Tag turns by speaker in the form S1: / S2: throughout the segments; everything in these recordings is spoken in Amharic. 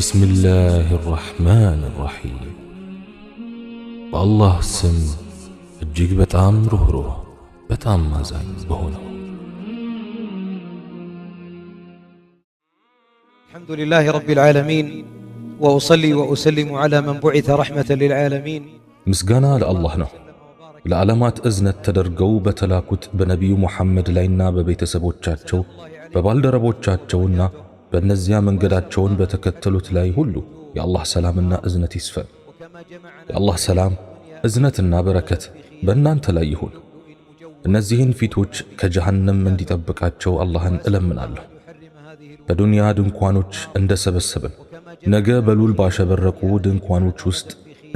S1: بسم الله الرحمن الرحيم الله سم الجيك بتام روح روح بتام ما زين بهونه
S2: الحمد لله رب العالمين وأصلي وأسلم على من بعث رحمة للعالمين
S3: مسقنا لالله نه لألمات أزنة تدر قوبة لا كتب نبي محمد لين ناب بيت سبوت شاتشو ببالدر በእነዚያ መንገዳቸውን በተከተሉት ላይ ሁሉ የአላህ ሰላምና እዝነት ይስፈን። የአላህ ሰላም እዝነትና በረከት በእናንተ ላይ ይሁን። እነዚህን ፊቶች ከጀሃነም እንዲጠብቃቸው አላህን እለምናለሁ። በዱንያ ድንኳኖች እንደሰበሰብን ነገ በሉል ባሸበረቁ ድንኳኖች ውስጥ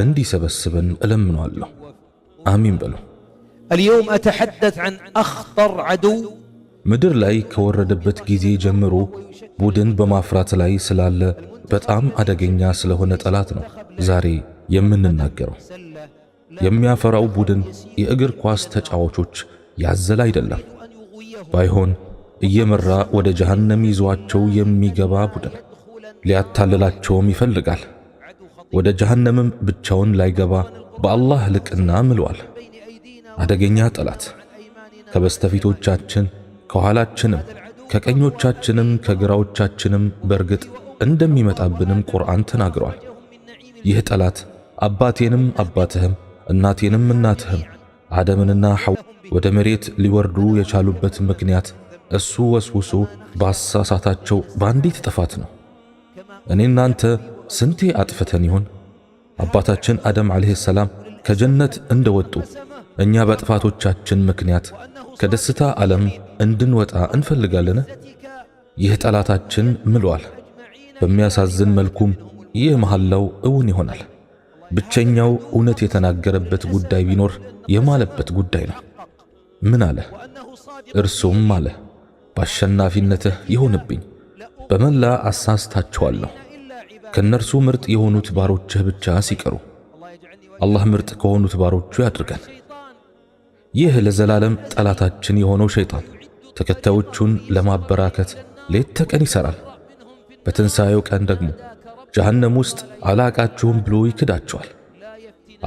S3: እንዲሰበስብን እለምነዋለሁ። አሚን በሉ።
S4: አልየውም አተሐደት ዐን አኽጠር ዐዱው
S3: ምድር ላይ ከወረደበት ጊዜ ጀምሮ ቡድን በማፍራት ላይ ስላለ በጣም አደገኛ ስለሆነ ጠላት ነው ዛሬ የምንናገረው። የሚያፈራው ቡድን የእግር ኳስ ተጫዋቾች ያዘለ አይደለም። ባይሆን እየመራ ወደ ጀሃነም ይዟቸው የሚገባ ቡድን ሊያታልላቸውም ይፈልጋል። ወደ ጀሃነምም ብቻውን ላይገባ በአላህ ልቅና ምሏል። አደገኛ ጠላት ከበስተፊቶቻችን ከኋላችንም ከቀኞቻችንም ከግራዎቻችንም በርግጥ እንደሚመጣብንም ቁርአን ተናግሯል። ይህ ጠላት አባቴንም አባትህም እናቴንም እናትህም አደምንና ሐው ወደ መሬት ሊወርዱ የቻሉበት ምክንያት እሱ ወስውሶ ባሳሳታቸው በአንዲት ጥፋት ነው። እኔ እናንተ ስንቴ አጥፍተን ይሆን? አባታችን አደም ዓለይሂ ሰላም ከጀነት እንደወጡ እኛ በጥፋቶቻችን ምክንያት ከደስታ ዓለም እንድንወጣ እንፈልጋለን? ይህ ጠላታችን ምሏል። በሚያሳዝን መልኩም ይህ መሐላው እውን ይሆናል። ብቸኛው እውነት የተናገረበት ጉዳይ ቢኖር የማለበት ጉዳይ ነው። ምን አለ? እርሱም አለ በአሸናፊነትህ ይሆንብኝ፣ በመላ አሳስታቸዋለሁ። ከእነርሱ ምርጥ የሆኑት ባሮችህ ብቻ ሲቀሩ አላህ ምርጥ ከሆኑት ባሮቹ ያድርገን። ይህ ለዘላለም ጠላታችን የሆነው ሸይጣን ተከታዮቹን ለማበራከት ሌት ተቀን ይሠራል። በትንሣኤው ቀን ደግሞ ጀሃነም ውስጥ አላቃችሁም ብሎ ይክዳቸዋል።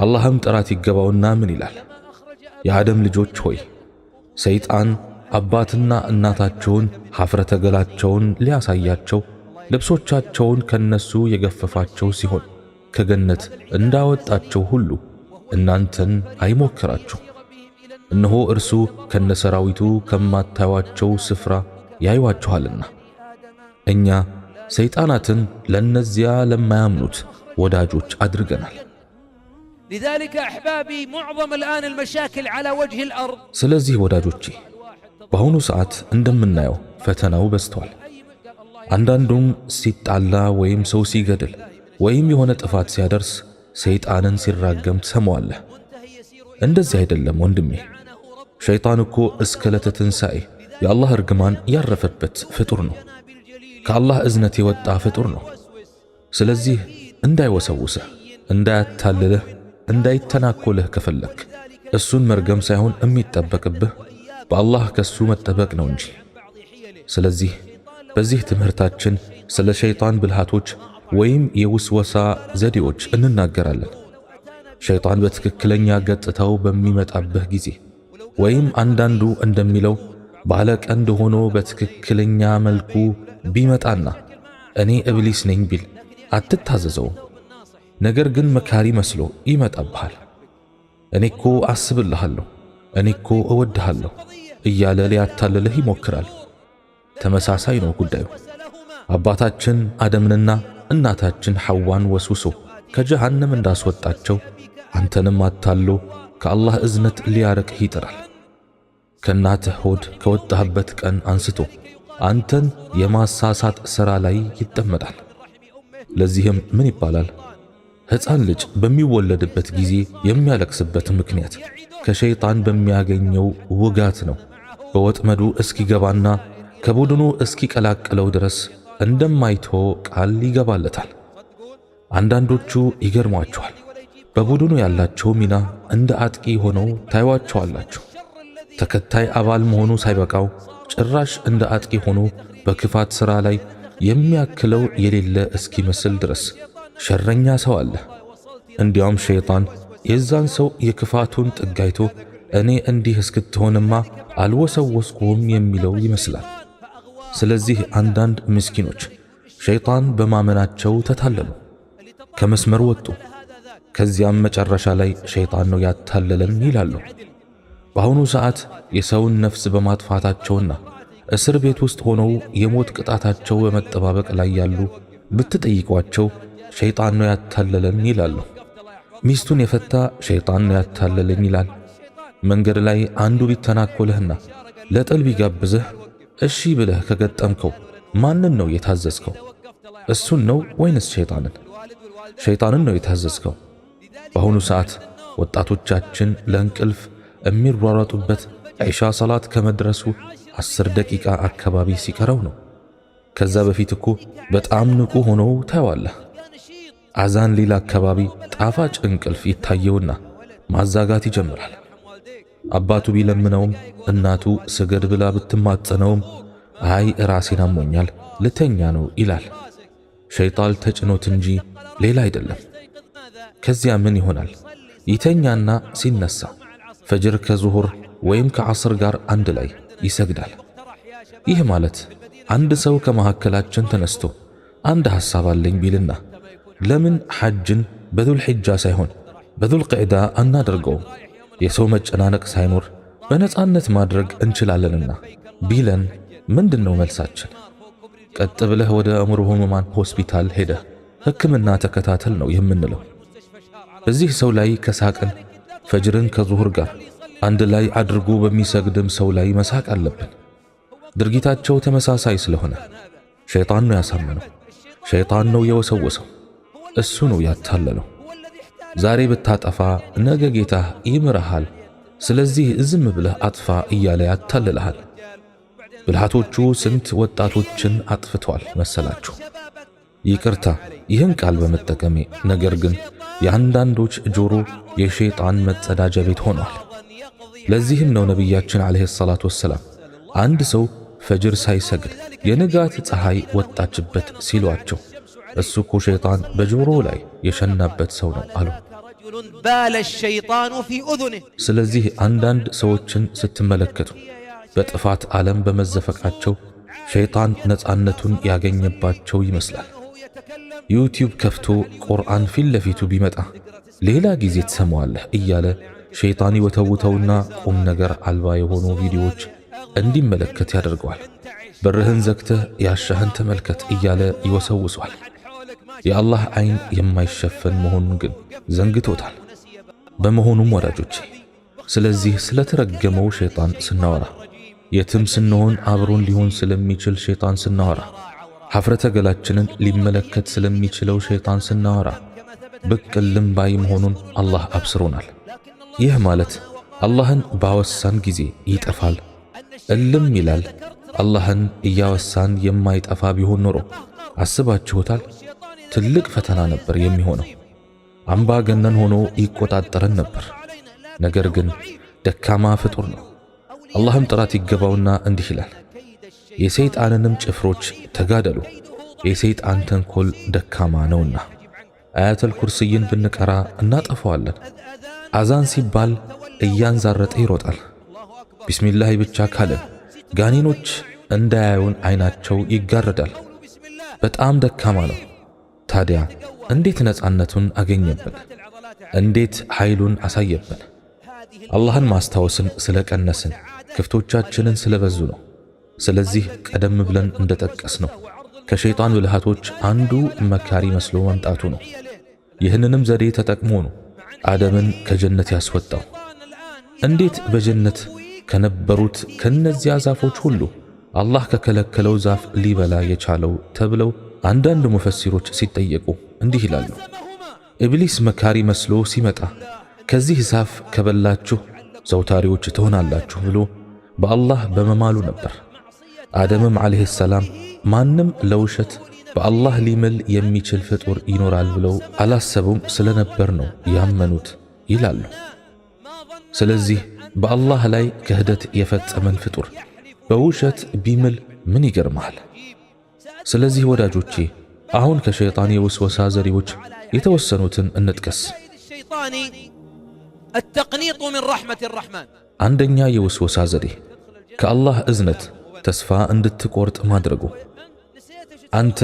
S3: አላህም ጥራት ይገባውና ምን ይላል? የአደም ልጆች ሆይ ሰይጣን አባትና እናታቸውን ሐፍረተ ገላቸውን ሊያሳያቸው ልብሶቻቸውን ከነሱ የገፈፋቸው ሲሆን ከገነት እንዳወጣቸው ሁሉ እናንተን አይሞክራችሁ እነሆ እርሱ ከነሰራዊቱ ከማታዩአቸው ስፍራ ያዩአችኋልና። እኛ ሰይጣናትን ለነዚያ ለማያምኑት ወዳጆች አድርገናል።
S4: ሊዛሊከ ዓላ ወጅህ
S3: ስለዚህ ወዳጆቼ በአሁኑ ሰዓት እንደምናየው ፈተናው በዝቷል። አንዳንዱም ሲጣላ ወይም ሰው ሲገድል ወይም የሆነ ጥፋት ሲያደርስ ሰይጣንን ሲራገም ትሰማዋለህ። እንደዚህ አይደለም ወንድሜ። ሸይጣን እኮ እስከ ለተ ትንሣኤ የአላህ እርግማን ያረፈበት ፍጡር ነው። ከአላህ እዝነት የወጣ ፍጡር ነው። ስለዚህ እንዳይወሰውስህ፣ እንዳያታልልህ፣ እንዳይተናኮልህ ከፈለክ እሱን መርገም ሳይሆን የሚጠበቅብህ በአላህ ከሱ መጠበቅ ነው እንጂ። ስለዚህ በዚህ ትምህርታችን ስለ ሸይጣን ብልሃቶች ወይም የውስወሳ ዘዴዎች እንናገራለን። ሸይጣን በትክክለኛ ገጽታው በሚመጣብህ ጊዜ ወይም አንዳንዱ እንደሚለው ባለ ቀንድ ሆኖ በትክክለኛ መልኩ ቢመጣና እኔ እብሊስ ነኝ ቢል አትታዘዘውም። ነገር ግን መካሪ መስሎ ይመጣብሃል። እኔኮ አስብልሃለሁ፣ እኔኮ እወድሃለሁ እያለ ሊያታልልህ ይሞክራል። ተመሳሳይ ነው ጉዳዩ። አባታችን አደምንና እናታችን ሐዋን ወስውሶ ከጀሃነም እንዳስወጣቸው አንተንም አታሎ ከአላህ እዝነት ሊያረቅህ ይጥራል። ከእናትህ ሆድ ከወጣህበት ቀን አንስቶ አንተን የማሳሳት ሥራ ላይ ይጠመዳል። ለዚህም ምን ይባላል? ሕፃን ልጅ በሚወለድበት ጊዜ የሚያለቅስበት ምክንያት ከሸይጣን በሚያገኘው ውጋት ነው። በወጥመዱ እስኪገባና ከቡድኑ እስኪቀላቅለው ድረስ እንደማይቶ ቃል ይገባለታል። አንዳንዶቹ ይገርማቸዋል። በቡድኑ ያላቸው ሚና እንደ አጥቂ ሆነው ታዩዋቸዋላችሁ። ተከታይ አባል መሆኑ ሳይበቃው ጭራሽ እንደ አጥቂ ሆኖ በክፋት ሥራ ላይ የሚያክለው የሌለ እስኪመስል ድረስ ሸረኛ ሰው አለ። እንዲያውም ሸይጣን የዛን ሰው የክፋቱን ጥጋይቶ አይቶ እኔ እንዲህ እስክትሆንማ አልወሰወስኩም የሚለው ይመስላል። ስለዚህ አንዳንድ ምስኪኖች ሸይጣን በማመናቸው ተታለሉ፣ ከመስመር ወጡ። ከዚያም መጨረሻ ላይ ሸይጣን ነው ያታለለን ይላሉ። በአሁኑ ሰዓት የሰውን ነፍስ በማጥፋታቸውና እስር ቤት ውስጥ ሆነው የሞት ቅጣታቸው በመጠባበቅ ላይ ያሉ ብትጠይቋቸው ሸይጣን ነው ያታለለን ይላሉ። ሚስቱን የፈታ ሸይጣን ነው ያታለለኝ ይላል። መንገድ ላይ አንዱ ቢተናኮልህና ለጥል ቢጋብዝህ እሺ ብለህ ከገጠምከው ማንን ነው የታዘዝከው? እሱን ነው ወይንስ ሸይጣንን? ሸይጣንን ነው የታዘዝከው። በአሁኑ ሰዓት ወጣቶቻችን ለእንቅልፍ የሚሯሯጡበት ዒሻ ሰላት ከመድረሱ አስር ደቂቃ አካባቢ ሲቀረው ነው። ከዛ በፊት እኮ በጣም ንቁ ሆነው ታየዋለህ። አዛን ሌላ አካባቢ ጣፋጭ እንቅልፍ ይታየውና ማዛጋት ይጀምራል። አባቱ ቢለምነውም እናቱ ስገድ ብላ ብትማጸነውም አይ ራሴን አሞኛል ልተኛ ነው ይላል። ሸይጣን ተጭኖት እንጂ ሌላ አይደለም። ከዚያ ምን ይሆናል? ይተኛና ሲነሳ ፈጅር ከዙሁር ወይም ከዐስር ጋር አንድ ላይ ይሰግዳል። ይህ ማለት አንድ ሰው ከመካከላችን ተነስቶ አንድ ሐሳብ አለኝ ቢልና ለምን ሐጅን በዙል ሕጃ ሳይሆን በዙል ቅዕዳ አናደርገውም? የሰው መጨናነቅ ሳይኖር በነፃነት ማድረግ እንችላለንና ቢለን ምንድን ነው መልሳችን? ቀጥ ብለህ ወደ አእምሮ ህሙማን ሆስፒታል ሄደህ ሕክምና ተከታተል ነው የምንለው። በዚህ ሰው ላይ ከሳቅን ፈጅርን ከዙሁር ጋር አንድ ላይ አድርጎ በሚሰግድም ሰው ላይ መሳቅ አለብን። ድርጊታቸው ተመሳሳይ ስለሆነ ሸይጣን ነው ያሳመነው፣ ሸይጣን ነው የወሰወሰው፣ እሱ ነው ያታለለው። ዛሬ ብታጠፋ ነገ ጌታህ ይምርሃል ስለዚህ ዝም ብለህ አጥፋ እያለ ያታልልሃል። ብልሃቶቹ ስንት ወጣቶችን አጥፍተዋል መሰላችሁ? ይቅርታ ይህን ቃል በመጠቀሜ ነገር ግን የአንዳንዶች ጆሮ የሸይጣን መጸዳጃ ቤት ሆኗል። ለዚህም ነው ነቢያችን ዓለይሂ ሰላቱ ወሰላም አንድ ሰው ፈጅር ሳይሰግድ የንጋት ፀሐይ ወጣችበት ሲሏቸው እሱ እኮ ሸይጣን በጆሮ ላይ የሸናበት ሰው ነው አሉ። ስለዚህ አንዳንድ ሰዎችን ስትመለከቱ በጥፋት ዓለም በመዘፈቃቸው ሸይጣን ነፃነቱን ያገኘባቸው ይመስላል። ዩቲዩብ ከፍቶ ቁርአን ፊት ለፊቱ ቢመጣ ሌላ ጊዜ ትሰማዋለህ እያለ ሸይጣን ይወተውተውና ቁም ነገር አልባ የሆኑ ቪዲዮዎች እንዲመለከት ያደርገዋል። በርህን ዘግተህ ያሻህን ተመልከት እያለ ይወሰውሷል። የአላህ ዓይን የማይሸፈን መሆኑን ግን ዘንግቶታል። በመሆኑም ወዳጆቼ ስለዚህ ስለተረገመው ሸይጣን ስናወራ፣ የትም ስንሆን አብሮን ሊሆን ስለሚችል ሸይጣን ስናወራ ሀፍረተ ገላችንን ሊመለከት ስለሚችለው ሸይጣን ስናወራ ብቅልም ባይ መሆኑን አላህ አብስሮናል። ይህ ማለት አላህን ባወሳን ጊዜ ይጠፋል፣ እልም ይላል። አላህን እያወሳን የማይጠፋ ቢሆን ኖሮ አስባችሁታል? ትልቅ ፈተና ነበር የሚሆነው። አምባገነን ሆኖ ይቆጣጠረን ነበር። ነገር ግን ደካማ ፍጡር ነው። አላህም ጥራት ይገባውና እንዲህ ይላል የሰይጣንንም ጭፍሮች ተጋደሉ፣ የሰይጣን ተንኮል ደካማ ነውና። አያተል ኩርስይን ብንቀራ እናጠፋዋለን! አዛን ሲባል እያንዛረጠ ይሮጣል። ቢስሚላህ ብቻ ካለ ጋኔኖች እንዳያዩን አይናቸው ይጋረዳል። በጣም ደካማ ነው። ታዲያ እንዴት ነፃነቱን አገኘብን? እንዴት ኃይሉን አሳየብን? አላህን ማስታወስን ስለቀነስን፣ ክፍቶቻችንን ስለበዙ ነው። ስለዚህ ቀደም ብለን እንደጠቀስ ነው ከሸይጣን ብልሃቶች አንዱ መካሪ መስሎ መምጣቱ ነው። ይህንንም ዘዴ ተጠቅሞ ነው አደምን ከጀነት ያስወጣው። እንዴት በጀነት ከነበሩት ከነዚያ ዛፎች ሁሉ አላህ ከከለከለው ዛፍ ሊበላ የቻለው ተብለው አንዳንድ ሙፈሲሮች ሲጠየቁ እንዲህ ይላሉ። ኢብሊስ መካሪ መስሎ ሲመጣ ከዚህ ዛፍ ከበላችሁ ዘውታሪዎች ትሆናላችሁ ብሎ በአላህ በመማሉ ነበር። አደምም ዓለይሂ ሰላም ማንም ለውሸት በአላህ ሊምል የሚችል ፍጡር ይኖራል ብለው አላሰቡም ስለነበር ነው ያመኑት ይላሉ። ስለዚህ በአላህ ላይ ክህደት የፈጸመን ፍጡር በውሸት ቢምል ምን ይገርማል? ስለዚህ ወዳጆቼ አሁን ከሸይጣን የውስወሳ ዘዴዎች የተወሰኑትን እንጥቀስ። አንደኛ የውስወሳ ዘዴ ከአላህ እዝነት ተስፋ እንድትቆርጥ ማድረጉ። አንተ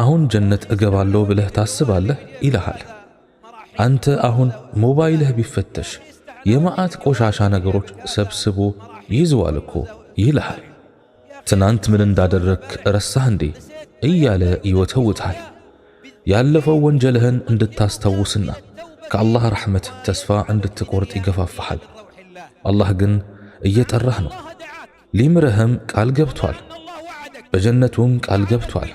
S3: አሁን ጀነት እገባለሁ ብለህ ታስባለህ ይልሃል። አንተ አሁን ሞባይልህ ቢፈተሽ የመዓት ቆሻሻ ነገሮች ሰብስቦ ይዘዋል እኮ ይልሃል። ትናንት ምን እንዳደረክ ረሳህ እንዴ እያለ ይወተውታል። ያለፈው ወንጀልህን እንድታስታውስና ከአላህ ረሕመት ተስፋ እንድትቆርጥ ይገፋፋሃል። አላህ ግን እየጠራህ ነው። ሊምርህም ቃል ገብቷል። በጀነቱም ቃል ገብቷል።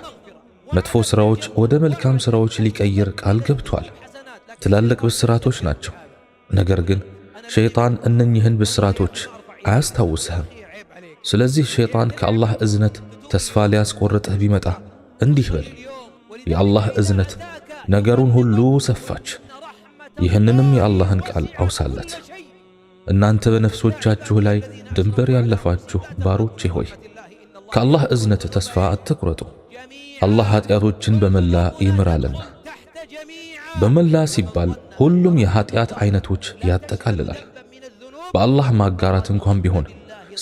S3: መጥፎ ሥራዎች ወደ መልካም ሥራዎች ሊቀይር ቃል ገብቷል። ትላልቅ ብስራቶች ናቸው። ነገር ግን ሸይጣን እነኚህን ብስራቶች አያስታውስህም። ስለዚህ ሸይጣን ከአላህ እዝነት ተስፋ ሊያስቆርጥህ ቢመጣ እንዲህ በል፣ የአላህ እዝነት ነገሩን ሁሉ ሰፋች። ይህንንም የአላህን ቃል አውሳለት። እናንተ በነፍሶቻችሁ ላይ ድንበር ያለፋችሁ ባሮቼ ሆይ ከአላህ እዝነት ተስፋ አትቁረጡ። አላህ ኀጢአቶችን በመላ ይምራልና። በመላ ሲባል ሁሉም የኀጢአት ዐይነቶች ያጠቃልላል። በአላህ ማጋራት እንኳን ቢሆን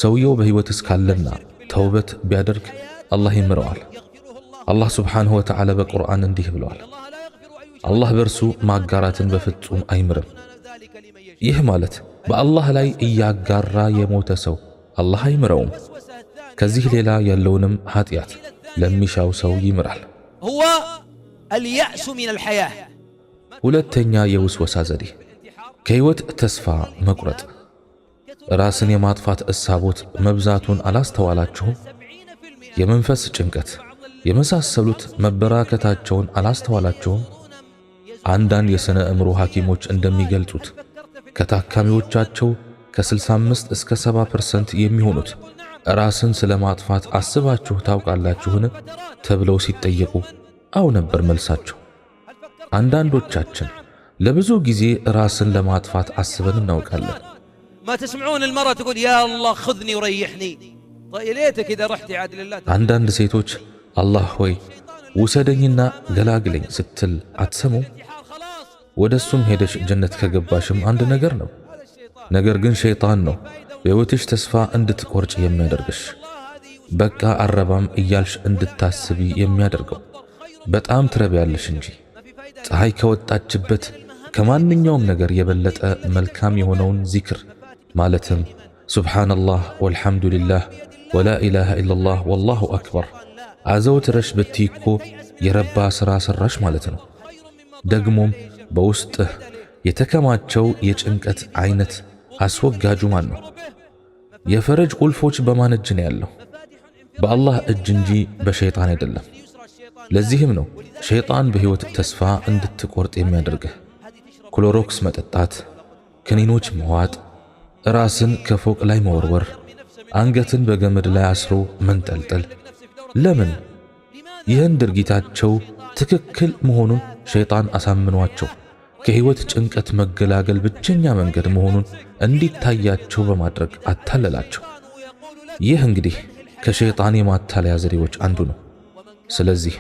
S3: ሰውየው በሕይወት እስካለና ተውበት ቢያደርግ አላህ ይምረዋል። አላህ ስብሓንሁ ወተዓላ በቁርአን እንዲህ ብለዋል፣ አላህ በእርሱ ማጋራትን በፍጹም አይምርም። ይህ ማለት በአላህ ላይ እያጋራ የሞተ ሰው አላህ አይምረውም። ከዚህ ሌላ ያለውንም ኃጢአት ለሚሻው ሰው ይምራል። ሁለተኛ የውስወሳ ዘዴ ከሕይወት ተስፋ መቁረጥ። ራስን የማጥፋት እሳቦት መብዛቱን አላስተዋላችሁም? የመንፈስ ጭንቀት የመሳሰሉት መበራከታቸውን አላስተዋላችሁም? አንዳንድ የሥነ እምሮ ሐኪሞች እንደሚገልጹት ከታካሚዎቻቸው ከ65 እስከ 70% የሚሆኑት ራስን ስለማጥፋት አስባችሁ ታውቃላችሁን? ተብለው ሲጠየቁ አው ነበር መልሳቸው። አንዳንዶቻችን ለብዙ ጊዜ ራስን ለማጥፋት አስበን እናውቃለን። አንዳንድ ሴቶች አላህ ሆይ ውሰደኝና ገላግለኝ ስትል አትሰሙም? ወደ እሱም ሄደሽ ጀነት ከገባሽም አንድ ነገር ነው። ነገር ግን ሸይጣን ነው የሕይወትሽ ተስፋ እንድትቆርጭ የሚያደርግሽ በቃ አረባም እያልሽ እንድታስቢ የሚያደርገው በጣም ትረቢያለሽ እንጂ ፀሐይ ከወጣችበት ከማንኛውም ነገር የበለጠ መልካም የሆነውን ዚክር ማለትም ሱብሓነላህ ወልሐምዱሊላህ ወላ ኢላሃ ኢለላህ ወላሁ አክበር አዘውትረሽ ብትይ የረባ ሥራ ሠራሽ ማለት ነው። ደግሞም በውስጥህ የተከማቸው የጭንቀት አይነት አስወጋጁ ማን ነው? የፈረጅ ቁልፎች በማን እጅ ነው ያለው? በአላህ እጅ እንጂ በሸይጣን አይደለም። ለዚህም ነው ሸይጣን በሕይወት ተስፋ እንድትቆርጥ የሚያደርግህ። ክሎሮክስ መጠጣት፣ ክኒኖች መዋጥ፣ ራስን ከፎቅ ላይ መወርወር፣ አንገትን በገመድ ላይ አስሮ መንጠልጠል። ለምን? ይህን ድርጊታቸው ትክክል መሆኑን ሸይጣን አሳምኗቸው ከህይወት ጭንቀት መገላገል ብቸኛ መንገድ መሆኑን እንዲታያቸው በማድረግ አታለላቸው። ይህ እንግዲህ ከሸይጣን የማታለያ ዘዴዎች አንዱ ነው። ስለዚህ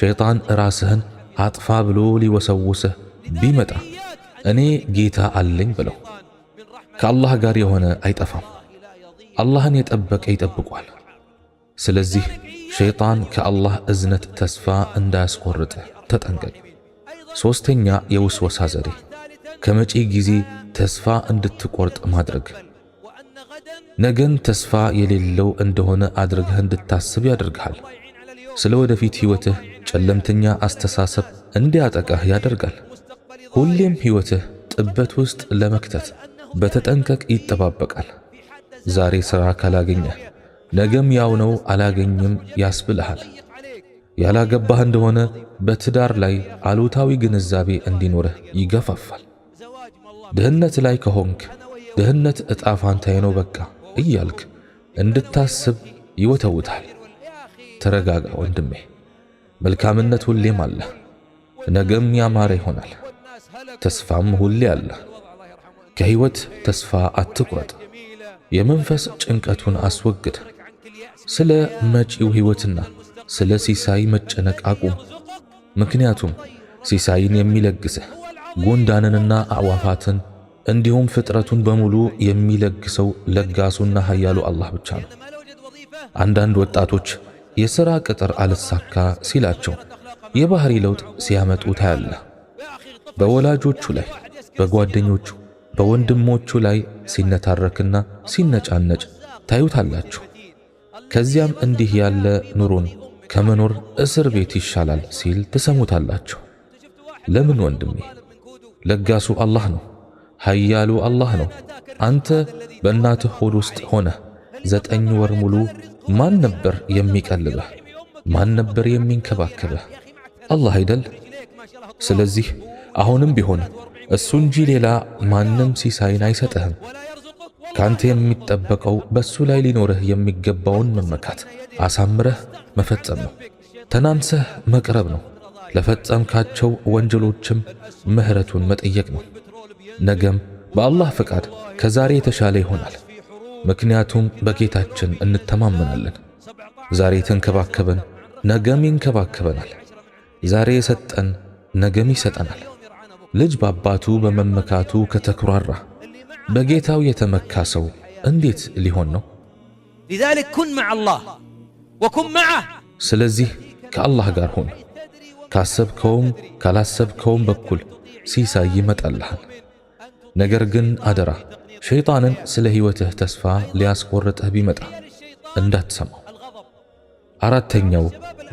S3: ሸይጣን ራስህን አጥፋ ብሎ ሊወሰውስህ ቢመጣ እኔ ጌታ አለኝ ብለው ከአላህ ጋር የሆነ አይጠፋም። አላህን የጠበቀ ይጠብቋል። ስለዚህ ሸይጣን ከአላህ እዝነት ተስፋ እንዳያስቆርጥህ ተጠንቀቅ። ሦስተኛ የውስወሳ ዘዴ ከመጪ ጊዜ ተስፋ እንድትቆርጥ ማድረግ። ነገን ተስፋ የሌለው እንደሆነ አድርገህ እንድታስብ ያደርግሃል። ስለ ወደፊት ሕይወትህ ጨለምተኛ አስተሳሰብ እንዲያጠቃህ ያደርጋል። ሁሌም ሕይወትህ ጥበት ውስጥ ለመክተት በተጠንቀቅ ይጠባበቃል። ዛሬ ሥራ ካላገኘህ ነገም ያው ነው አላገኝም ያስብልሃል። ያላገባህ እንደሆነ በትዳር ላይ አሉታዊ ግንዛቤ እንዲኖርህ ይገፋፋል። ድህነት ላይ ከሆንክ ድህነት እጣ ፋንታዬ ነው በቃ እያልክ እንድታስብ ይወተውታል። ተረጋጋ ወንድሜ፣ መልካምነት ሁሌም አለ። ነገም ያማረ ይሆናል። ተስፋም ሁሌ አለ። ከህይወት ተስፋ አትቁረጥ። የመንፈስ ጭንቀቱን አስወግድ። ስለ መጪው ህይወትና ስለ ሲሳይ መጨነቅ አቁም። ምክንያቱም ሲሳይን የሚለግስህ ጉንዳንንና አዕዋፋትን እንዲሁም ፍጥረቱን በሙሉ የሚለግሰው ለጋሱና ኃያሉ አላህ ብቻ ነው። አንዳንድ ወጣቶች የሥራ ቅጥር አልሳካ ሲላቸው የባህሪ ለውጥ ሲያመጡ ታያለህ። በወላጆቹ ላይ፣ በጓደኞቹ፣ በወንድሞቹ ላይ ሲነታረክና ሲነጫነጭ ታዩታላችሁ። ከዚያም እንዲህ ያለ ኑሮን ከመኖር እስር ቤት ይሻላል ሲል ትሰሙታላችሁ። ለምን ወንድሜ? ለጋሱ አላህ ነው፣ ሀያሉ አላህ ነው። አንተ በእናትህ ሆድ ውስጥ ሆነህ ዘጠኝ ወር ሙሉ ማን ነበር የሚቀልበህ? ማን ነበር የሚንከባከበህ? አላህ አይደል? ስለዚህ አሁንም ቢሆን እሱ እንጂ ሌላ ማንም ሲሳይን አይሰጥህም። ካንተ የሚጠበቀው በእሱ ላይ ሊኖርህ የሚገባውን መመካት አሳምረህ መፈጸም ነው። ተናንሰህ መቅረብ ነው። ለፈጸምካቸው ወንጀሎችም ምህረቱን መጠየቅ ነው። ነገም በአላህ ፈቃድ ከዛሬ የተሻለ ይሆናል። ምክንያቱም በጌታችን እንተማመናለን። ዛሬ የተንከባከበን ነገም ይንከባከበናል። ዛሬ የሰጠን ነገም ይሰጠናል። ልጅ በአባቱ በመመካቱ ከተኩራራ በጌታው የተመካ ሰው እንዴት ሊሆን ነው?
S4: ሊዛሊክ ኩን መዐ አላህ ወኩን መዐህ።
S3: ስለዚህ ከአላህ ጋር ሁን፣ ካሰብከውም ካላሰብከውም በኩል ሲሳይ ይመጣልሃል። ነገር ግን አደራ ሸይጣንን ስለ ሕይወትህ ተስፋ ሊያስቆርጥህ ቢመጣ እንዳትሰማው። አራተኛው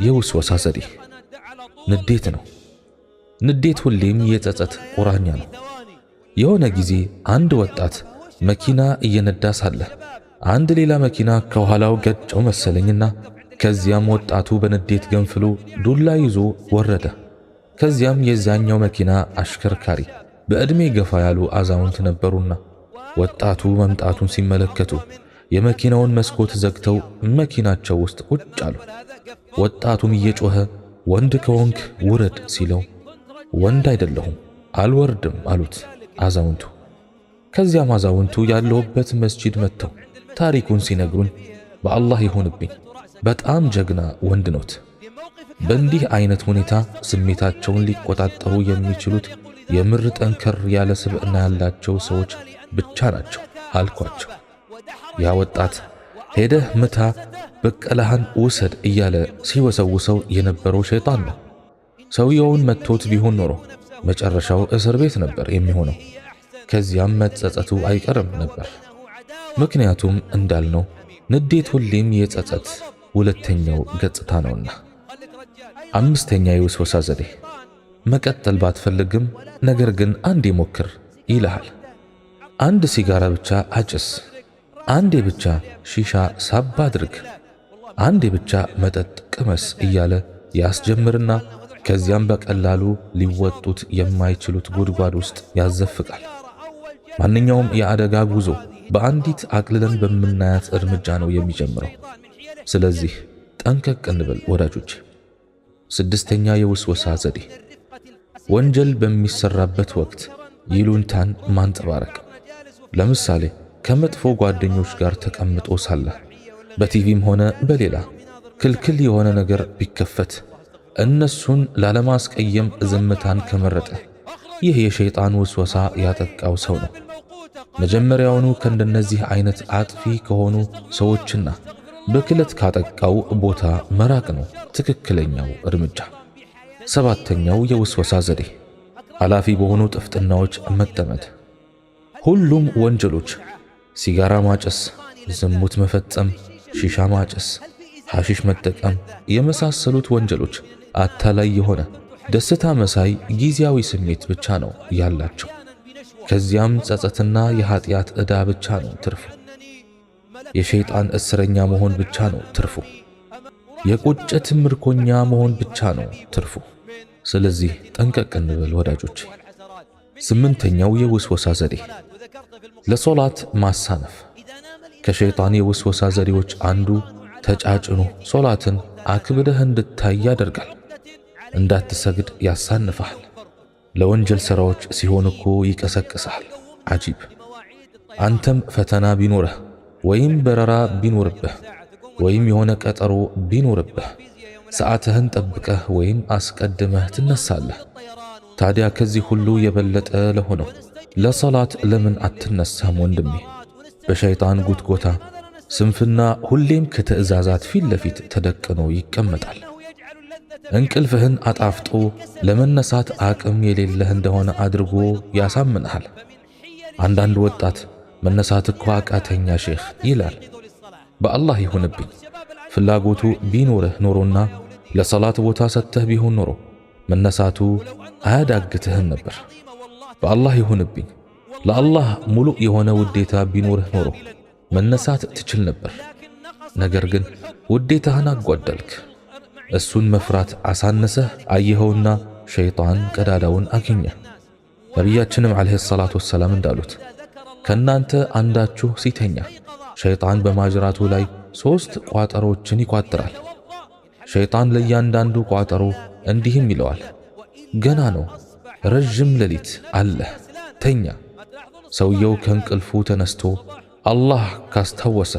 S3: የውስወሳ ዘዴ ንዴት ነው። ንዴት ሁሌም የጸጸት ቁራኛ ነው። የሆነ ጊዜ አንድ ወጣት መኪና እየነዳ ሳለ አንድ ሌላ መኪና ከኋላው ገጨው መሰለኝና ከዚያም ወጣቱ በንዴት ገንፍሎ ዱላ ይዞ ወረደ። ከዚያም የዛኛው መኪና አሽከርካሪ በዕድሜ ገፋ ያሉ አዛውንት ነበሩና ወጣቱ መምጣቱን ሲመለከቱ የመኪናውን መስኮት ዘግተው መኪናቸው ውስጥ ቁጭ አሉ። ወጣቱም እየጮኸ ወንድ ከወንክ ውረድ ሲለው ወንድ አይደለሁም አልወርድም አሉት። አዛውንቱ ከዚያም አዛውንቱ ያለሁበት መስጂድ መጥተው ታሪኩን ሲነግሩን በአላህ ይሁንብኝ በጣም ጀግና ወንድ ነውት። በእንዲህ አይነት ሁኔታ ስሜታቸውን ሊቆጣጠሩ የሚችሉት የምር ጠንከር ያለ ስብዕና ያላቸው ሰዎች ብቻ ናቸው አልኳቸው። ያ ወጣት ሄደህ ምታ፣ በቀላህን ውሰድ እያለ ሲወሰውሰው የነበረው ሸይጣን ነው። ሰውየውን መጥቶት ቢሆን ኖሮ መጨረሻው እስር ቤት ነበር የሚሆነው። ከዚያም መጸጸቱ አይቀርም ነበር። ምክንያቱም እንዳልነው ንዴት ሁሌም የጸጸት ሁለተኛው ገጽታ ነውና። አምስተኛ የውስወሳ ዘዴ መቀጠል ባትፈልግም ነገር ግን አንድ ሞክር ይልሃል። አንድ ሲጋራ ብቻ አጭስ፣ አንዴ ብቻ ሺሻ ሳብ አድርግ፣ አንዴ ብቻ መጠጥ ቅመስ እያለ ያስጀምርና ከዚያም በቀላሉ ሊወጡት የማይችሉት ጉድጓድ ውስጥ ያዘፍቃል። ማንኛውም የአደጋ ጉዞ በአንዲት አቅልለን በምናያት እርምጃ ነው የሚጀምረው። ስለዚህ ጠንቀቅ እንበል ወዳጆች። ስድስተኛ የውስወሳ ዘዴ ወንጀል በሚሰራበት ወቅት ይሉንታን ማንጸባረቅ። ለምሳሌ ከመጥፎ ጓደኞች ጋር ተቀምጦ ሳለ በቲቪም ሆነ በሌላ ክልክል የሆነ ነገር ቢከፈት እነሱን ላለማስቀየም ዝምታን ከመረጠ ይህ የሸይጣን ውስወሳ ያጠቃው ሰው ነው። መጀመሪያውኑ ከእንደነዚህ አይነት አጥፊ ከሆኑ ሰዎችና በክለት ካጠቃው ቦታ መራቅ ነው ትክክለኛው እርምጃ። ሰባተኛው የውስወሳ ዘዴ ኃላፊ በሆኑ ጥፍጥናዎች መጠመድ። ሁሉም ወንጀሎች ሲጋራ ማጨስ፣ ዝሙት መፈጸም፣ ሺሻ ማጨስ፣ ሐሺሽ መጠቀም የመሳሰሉት ወንጀሎች አታላይ የሆነ ደስታ መሳይ ጊዜያዊ ስሜት ብቻ ነው ያላቸው። ከዚያም ጸጸትና የኃጢአት ዕዳ ብቻ ነው ትርፉ። የሸይጣን እስረኛ መሆን ብቻ ነው ትርፉ። የቁጭት ምርኮኛ መሆን ብቻ ነው ትርፉ። ስለዚህ ጠንቀቅ እንበል ወዳጆች። ስምንተኛው የውስወሳ ዘዴ ለሶላት ማሳነፍ። ከሸይጣን የውስወሳ ዘዴዎች አንዱ ተጫጭኖ ሶላትን አክብደህ እንድታይ ያደርጋል። እንዳትሰግድ ያሳንፋል ለወንጀል ሥራዎች ሲሆን እኮ ይቀሰቅሳል። አጂብ! አንተም ፈተና ቢኖርህ ወይም በረራ ቢኖርብህ ወይም የሆነ ቀጠሮ ቢኖርብህ ሰዓትህን ጠብቀህ ወይም አስቀድመህ ትነሳለህ። ታዲያ ከዚህ ሁሉ የበለጠ ለሆነው ለሰላት ለምን አትነሳም ወንድሜ? በሸይጣን ጉትጎታ ስንፍና ሁሌም ከትእዛዛት ፊት ለፊት ተደቅኖ ይቀመጣል። እንቅልፍህን አጣፍጦ ለመነሳት አቅም የሌለህ እንደሆነ አድርጎ ያሳምንሃል። አንዳንድ ወጣት መነሳት እኮ አቃተኛ ሼኽ ይላል። በአላህ ይሁንብኝ ፍላጎቱ ቢኖርህ ኖሮና ለሰላት ቦታ ሰጥተህ ቢሆን ኖሮ መነሳቱ አያዳግትህም ነበር። በአላህ ይሁንብኝ ለአላህ ሙሉ የሆነ ውዴታ ቢኖርህ ኖሮ መነሳት ትችል ነበር። ነገር ግን ውዴታህን አጓደልክ። እሱን መፍራት አሳነሰህ አየኸውና ሸይጣን ቀዳዳውን አገኘ። ነቢያችንም ዓለይሂ ሰላቱ ወሰላም እንዳሉት ከእናንተ አንዳችሁ ሲተኛ ሸይጣን በማጅራቱ ላይ ሦስት ቋጠሮችን ይቋጥራል። ሸይጣን ለእያንዳንዱ ቋጠሮ እንዲህም ይለዋል፣ ገና ነው፣ ረዥም ሌሊት አለህ፣ ተኛ። ሰውየው ከእንቅልፉ ተነስቶ አላህ ካስታወሰ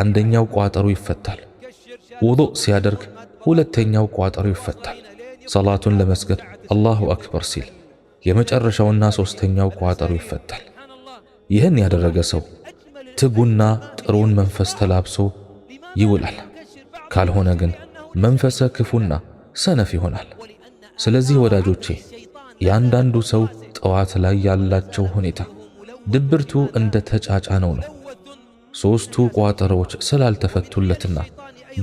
S3: አንደኛው ቋጠሮ ይፈታል። ውዱእ ሲያደርግ ሁለተኛው ቋጠሮ ይፈታል። ሰላቱን ለመስገድ አላሁ አክበር ሲል የመጨረሻውና ሶስተኛው ቋጠሮ ይፈታል። ይህን ያደረገ ሰው ትጉና ጥሩን መንፈስ ተላብሶ ይውላል። ካልሆነ ግን መንፈሰ ክፉና ሰነፍ ይሆናል። ስለዚህ ወዳጆቼ የአንዳንዱ ሰው ጠዋት ላይ ያላቸው ሁኔታ ድብርቱ እንደ ተጫጫነው ነው። ሦስቱ ቋጠሮዎች ስላልተፈቱለትና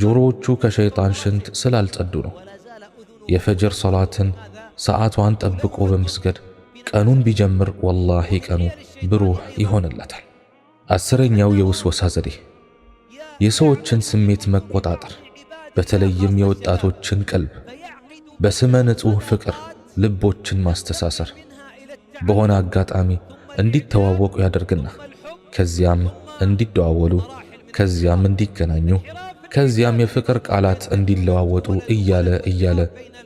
S3: ጆሮዎቹ ከሸይጣን ሽንት ስላልጸዱ ነው። የፈጅር ሰላትን ሰዓቷን ጠብቆ በመስገድ ቀኑን ቢጀምር ወላሂ ቀኑ ብሩህ ይሆንለታል። አስረኛው የውስወሳ ዘዴ የሰዎችን ስሜት መቆጣጠር፣ በተለይም የወጣቶችን ቀልብ በስመ ንጹሕ ፍቅር ልቦችን ማስተሳሰር በሆነ አጋጣሚ እንዲተዋወቁ ያደርግና ከዚያም እንዲደዋወሉ ከዚያም እንዲገናኙ ከዚያም የፍቅር ቃላት እንዲለዋወጡ እያለ እያለ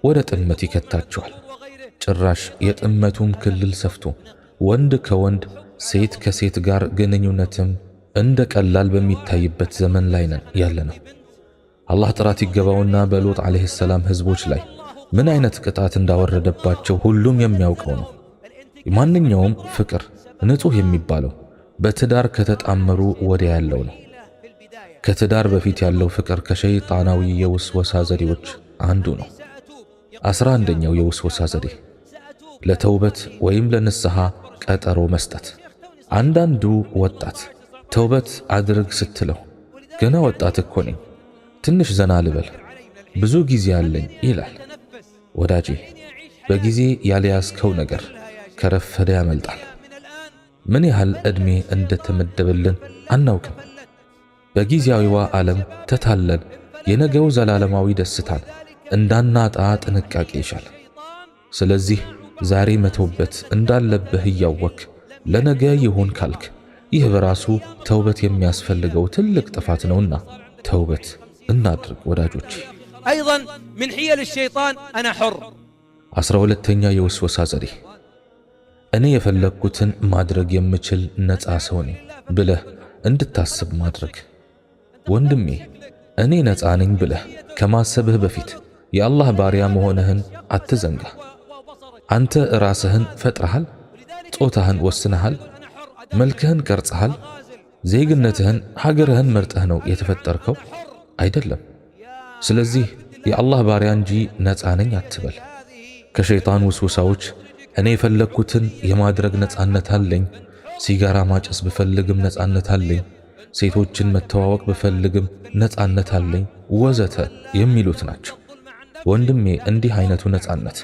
S3: ወደ ጥመት ይከታቸዋል። ጭራሽ የጥመቱም ክልል ሰፍቶ ወንድ ከወንድ ሴት ከሴት ጋር ግንኙነትም እንደ ቀላል በሚታይበት ዘመን ላይ ነን ያለ ነው። አላህ ጥራት ይገባውና በሎጥ ዓለይሂ ሰላም ህዝቦች ላይ ምን አይነት ቅጣት እንዳወረደባቸው ሁሉም የሚያውቀው ነው። ማንኛውም ፍቅር ንጹሕ የሚባለው በትዳር ከተጣመሩ ወዲያ ያለው ነው። ከትዳር በፊት ያለው ፍቅር ከሸይጣናዊ የውስወሳ ዘዴዎች አንዱ ነው። አስራ አንደኛው የውስወሳ ዘዴ ለተውበት ወይም ለንስሐ ቀጠሮ መስጠት። አንዳንዱ ወጣት ተውበት አድርግ ስትለው ገና ወጣት እኮ ነኝ፣ ትንሽ ዘና ልበል፣ ብዙ ጊዜ አለኝ ይላል። ወዳጄ፣ በጊዜ ያልያዝከው ነገር ከረፈደ ያመልጣል። ምን ያህል ዕድሜ እንደተመደበልን አናውቅም። በጊዜያዊዋ ዓለም ተታለን የነገው ዘላለማዊ ደስታን እንዳናጣ ጥንቃቄ ይሻል። ስለዚህ ዛሬ መተውበት እንዳለብህ እያወክ ለነገ ይሆን ካልክ ይህ በራሱ ተውበት የሚያስፈልገው ትልቅ ጥፋት ነውና ተውበት እናድርግ ወዳጆች።
S4: አይን ምን ሕየል ሸይጣን አና ሑር።
S3: አስራ ሁለተኛ የውስወሳ ዘዴ እኔ የፈለግኩትን ማድረግ የምችል ነፃ ሰው ነኝ ብለህ እንድታስብ ማድረግ ወንድሜ እኔ ነፃ ነኝ ብለህ ከማሰብህ በፊት የአላህ ባሪያ መሆንህን አትዘንጋ። አንተ ራስህን ፈጥረሃል፣ ጾታህን ወስነሃል፣ መልክህን ቀርጸሃል፣ ዜግነትህን፣ ሀገርህን መርጠህ ነው የተፈጠርከው አይደለም። ስለዚህ የአላህ ባሪያ እንጂ ነፃ ነኝ አትበል። ከሸይጣን ውስውሳዎች እኔ የፈለግኩትን የማድረግ ነፃነት አለኝ፣ ሲጋራ ማጨስ ብፈልግም ነፃነት አለኝ ሴቶችን መተዋወቅ ብፈልግም ነፃነት አለኝ ወዘተ የሚሉት ናቸው። ወንድሜ እንዲህ አይነቱ ነፃነት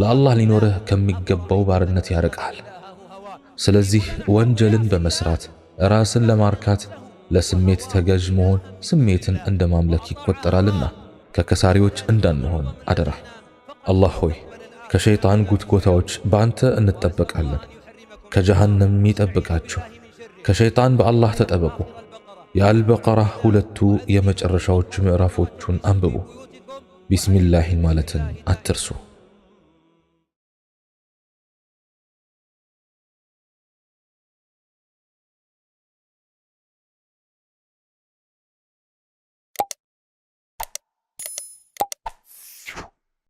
S3: ለአላህ ሊኖርህ ከሚገባው ባርነት ያርቃል። ስለዚህ ወንጀልን በመስራት ራስን ለማርካት ለስሜት ተገዥ መሆን ስሜትን እንደ ማምለክ ይቆጠራልና ከከሳሪዎች እንዳንሆን አደራ። አላህ ሆይ ከሸይጣን ጉትጎታዎች በአንተ እንጠበቃለን። ከጀሃንም ይጠብቃችሁ። ከሸይጣን በአላህ ተጠበቁ። የአልበቀራ ሁለቱ የመጨረሻዎች ምዕራፎቹን አንብቡ። ቢስሚላሂ ማለትን አትርሱ።